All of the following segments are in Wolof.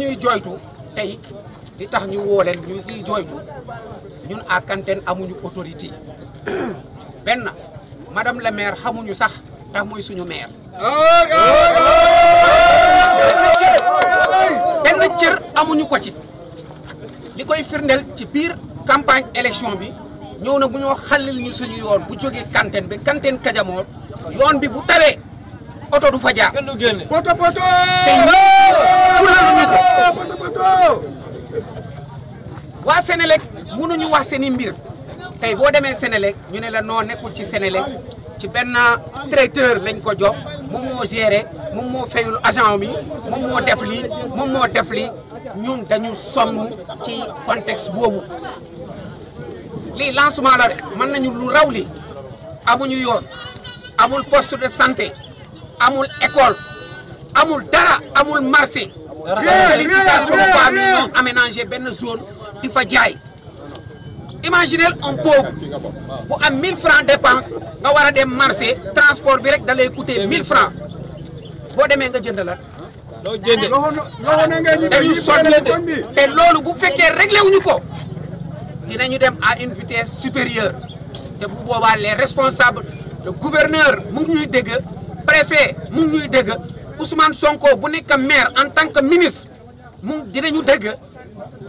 ñuy joytu tay di tax ñu wolen leen ñu ci joytu ñun à Kantene amuñu autorité Ben, madame la maire xamuñu sax tax moy suñu maire. ben ciir amuñu ko ci likoy koy ci biir campagne élection bi ñewna buñu xalil ñu suñu yoon bu joggé Kantene bi Kantene Kajamoor yoon bi bu tawé auto du fa jaar. auto Sénélec wax mbir Nous Sénélec ñu ne nous sommes traiteur lañ ko jox les agent mi def Nous sommes def contexte Nous lancement Nous nañu lu amul poste de santé amul école amul dara amul marché félicitations qui nous zone di fa imaginez un pauvre bu am 1000 francs dépense nga war a dem marché transport bi rek da lay coûter 1000 francs boo demee nga jënd la. loo jëndee dañu sonn te loolu bu fekkee réglé wuñu ko dinañu dem à une vitesse supérieure te bu boobaa les responsables le gouverneur le ñuy dégg préfet ñuy dégg Ousmane Sonko bu nekk maire en tant que ministre mu dinañu dégg.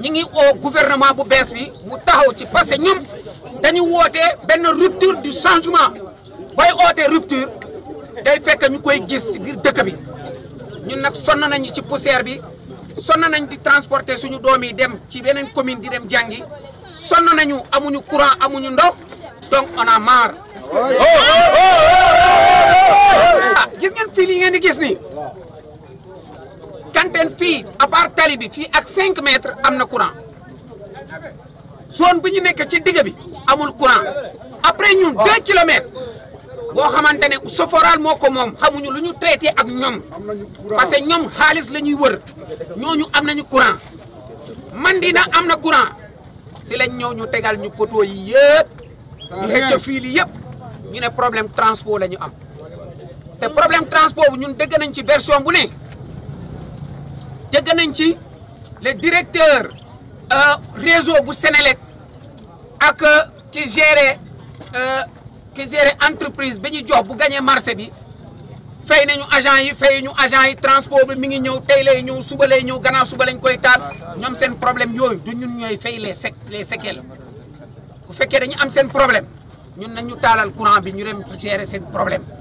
ñi ngi au gouvernement bu bees bi mu taxaw ci parce que ñoom dañu woote benn rupture du changement bay ootee rupture day fekk ñu koy gis ci dëkk bi ñun nag sonn nañu ci poussière bi sonn nañ di transporter suñu doom yi dem ci beneen commune di dem jàngi sonn nañu amuñu courant amuñu ndox donc on a marre. gis ngeen fii li ngeen di gis nii. Kantene fii à part tali ak 5 mètres am na courant zone bi ñu nekk ci digg bi amul courant après ñun 2 boo xamante ne Soforal moo ko moom xamuñu lu ñu traité ak ñoom parce que ñoom xaalis la ñuy wër ñooñu am nañu courant Mandina am na courant si lañ ñëw ñu tegal ñu poteau yi yëpp ñu xëcc fil yi yëpp ñu ne problème transport la ñu am te problème transport bu ñun dégg nañ ci version bu ne. dégg nañ ci le directeur euh, réseau bu Sénélec ak ki géré ki géré entreprise bi ñu jox bu gagné marché bi fay nañu agent yi fay ñu agent yi transport bi mi ngi ñëw tey lay ñëw suba lay ñëw gannaaw suba lañ koy taal ñoom seen problème yooyu du ñun ñooy fay les sec les séquelles bu fekkee dañu am seen problème ñun ñu taalal courant bi ñu dem gérer seen problème